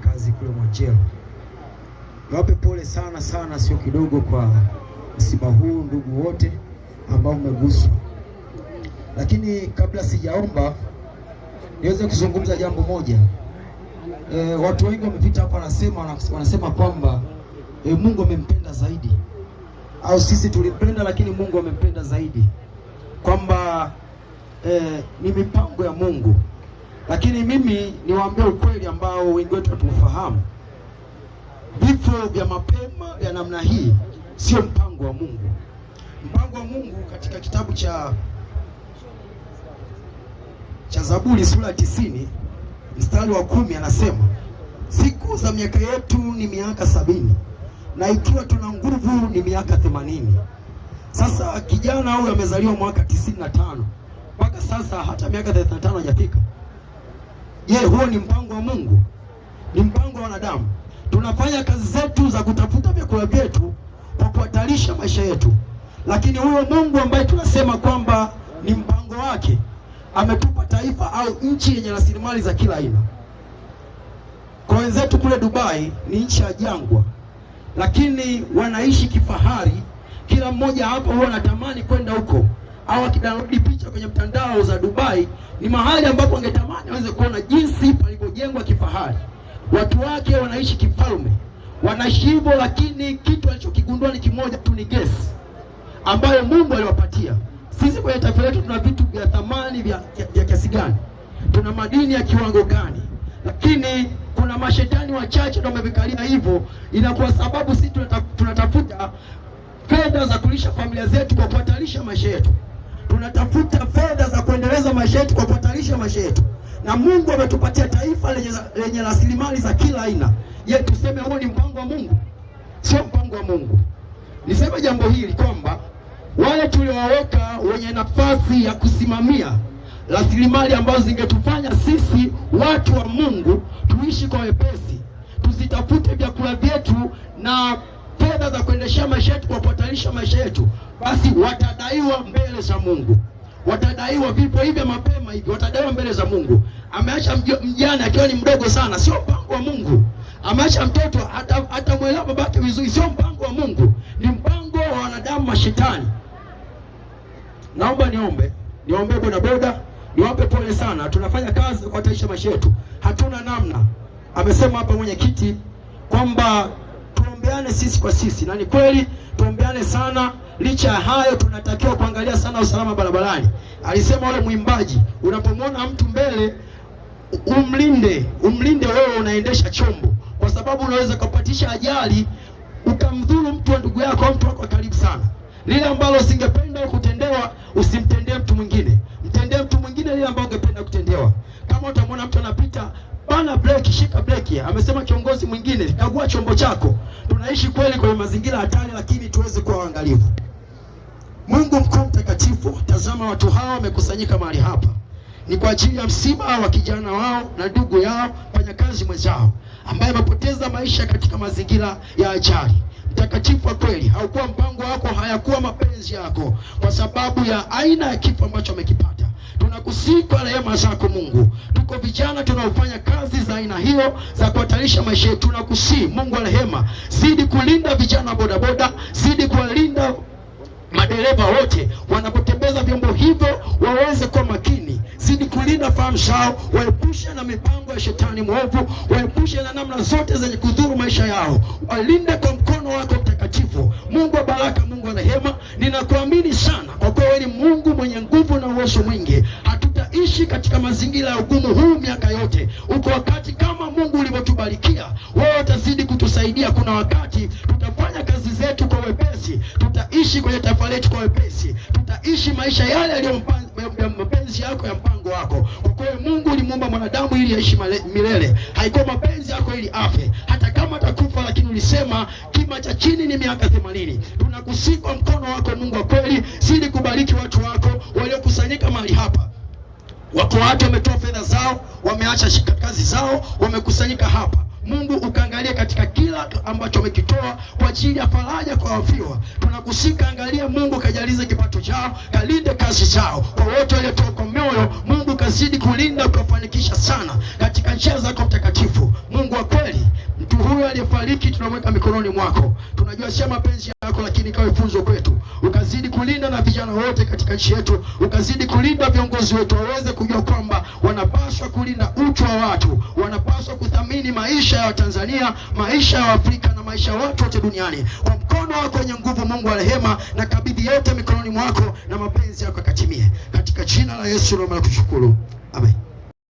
kazi kule Mwanjelo. Niwape pole sana sana, sio kidogo, kwa msiba huu, ndugu wote ambao umeguswa. Lakini kabla sijaomba niweze kuzungumza jambo moja. E, watu wengi wamepita hapa wanasema wanasema kwamba e, Mungu amempenda zaidi au sisi tulimpenda, lakini Mungu amempenda zaidi, kwamba e, ni mipango ya Mungu. Lakini mimi niwaambie ukweli ambao wengi wetu hatuufahamu. Vifo vya mapema vya namna hii sio mpango wa Mungu. Mpango wa Mungu katika kitabu cha cha Zaburi sura tisini mstari wa kumi anasema siku za miaka yetu ni miaka sabini na ikiwa tuna nguvu ni miaka themanini. Sasa kijana huyu amezaliwa mwaka tisini na tano mpaka sasa hata miaka thelathini na tano hajafika. Je, huo ni mpango wa Mungu? Ni mpango wa wanadamu? Tunafanya kazi zetu za kutafuta vyakula vyetu kwa kuhatarisha maisha yetu, lakini huyo Mungu ambaye tunasema kwamba ni mpango wake ametupa taifa au nchi yenye rasilimali za kila aina. Kwa wenzetu kule Dubai ni nchi ya jangwa, lakini wanaishi kifahari. Kila mmoja hapa huwa anatamani kwenda huko au akidownload picha kwenye mtandao za Dubai, ni mahali ambapo angetamani aweze kuona jinsi palivyojengwa kifahari, watu wake wanaishi kifalme, wanaishi hivyo. Lakini kitu alichokigundua ni kimoja tu, ni gesi ambayo Mungu aliwapatia. Sisi kwenye taifa letu tuna vitu vya thamani vya, vya kiasi gani? Tuna madini ya kiwango gani? Lakini kuna mashetani wachache ndio wamevikalia hivyo, inakuwa sababu sisi tunatafuta fedha za kulisha familia zetu kwa kuhatarisha maisha yetu tunatafuta fedha za kuendeleza maisha yetu kwa kuhatarisha maisha yetu, na Mungu ametupatia taifa lenye, lenye rasilimali za kila aina. Je, tuseme huo ni mpango wa Mungu? Sio mpango wa Mungu. Niseme jambo hili kwamba wale tuliowaweka wenye nafasi ya kusimamia rasilimali ambazo zingetufanya sisi watu wa Mungu tuishi kwa wepesi, tusitafute vyakula vyetu na za kuendeshea maisha yetu, kuwapatanisha maisha yetu, basi watadaiwa mbele za Mungu, watadaiwa vipo hivyo mapema hivi, watadaiwa mbele za Mungu. Ameacha mjane akiwa ni mdogo sana, sio mpango wa Mungu. Ameacha mtoto hatamwelewa babake vizuri, sio mpango wa Mungu, ni mpango wa wanadamu mashetani. Naomba niombe, niombe boda boda, niwape pole sana. Tunafanya kazi kwa taisha maisha yetu, hatuna namna. Amesema hapa mwenyekiti kwamba tuombeane sisi kwa sisi, na ni kweli tuombeane sana. Licha ya hayo, tunatakiwa kuangalia sana usalama barabarani. Alisema yule mwimbaji, unapomwona mtu mbele umlinde, umlinde wewe unaendesha chombo, kwa sababu unaweza kupatisha ajali ukamdhuru mtu wa ndugu yako au mtu wako karibu sana. Lile ambalo singependa kutendewa usimtendee mtu mwingine, mtendee mtu mwingine lile ambalo ungependa kutendewa. Kama utamwona mtu anapita, bana breki, shika breki. Amesema kiongozi mwingine, kagua chombo chako tunaishi kweli kwenye mazingira hatari, lakini tuweze kuwa waangalifu. Mungu mkuu mtakatifu, tazama watu hawa wamekusanyika mahali hapa ni kwa ajili ya msiba wa kijana wao na ndugu yao, mfanyakazi mwenzao ambaye amepoteza maisha katika mazingira ya ajali. Mtakatifu wa kweli, haukuwa mpango wako, hayakuwa mapenzi yako, kwa sababu ya aina ya kifo ambacho amekipata kwa rehema zako Mungu. Tuko vijana tunaofanya kazi za aina hiyo za kuhatarisha maisha yetu, tunakusihi Mungu wa rehema, zidi kulinda vijana bodaboda, zidi kuwalinda madereva wote wanapotembeza vyombo hivyo, waweze kuwa makini, zidi kulinda fahamu zao, waepushe na mipango ya shetani mwovu, waepushe na namna zote zenye kudhuru maisha yao, walinde kwa mkono wako mtakatifu. Mungu wa baraka, Mungu wa rehema, ninakuamini sana kwa kuwa wewe ni Mungu mwenye nguvu uwezo mwingi. Hatutaishi katika mazingira ya ugumu huu miaka yote. Uko wakati kama Mungu ulivyotubarikia wewe, utazidi kutusaidia. Kuna wakati tutafanya kazi zetu kwa wepesi, tutaishi kwenye taifa letu kwa wepesi, tutaishi maisha yale yaliyo mapenzi yako ya mpango wako. Kwa kweli Mungu ulimuumba mwanadamu ili aishi milele, haikuwa mapenzi yako ili afe. Hata kama atakufa, lakini ulisema kima cha chini ni miaka themanini. Tunakusikwa mkono wako Mungu wa kweli, zidi kubariki watu wako kufanyika mahali hapa, wako watu wametoa fedha zao, wameacha kazi zao, wamekusanyika hapa. Mungu ukaangalia katika kila ambacho wamekitoa kwa ajili ya faraja kwa wafiwa. Tunakusika, angalia Mungu kajalize kipato chao, kalinde kazi zao. Kwa wote waliotoa kwa moyo, Mungu kazidi kulinda, ukafanikisha sana katika njia zako mtakatifu huyo aliyefariki tunamweka mikononi mwako. Tunajua sio mapenzi yako, lakini kawe funzo kwetu, ukazidi kulinda na vijana wote katika nchi yetu, ukazidi kulinda viongozi wetu waweze kujua kwamba wanapaswa kulinda utu wa watu, wanapaswa kuthamini maisha ya Watanzania, maisha ya Waafrika na maisha ya watu wote duniani. Kwa mkono wako wenye nguvu, Mungu wa rehema, na kabidhi yote mikononi mwako na mapenzi yako yakatimie, katika jina la Yesu naomba kushukuru, amen.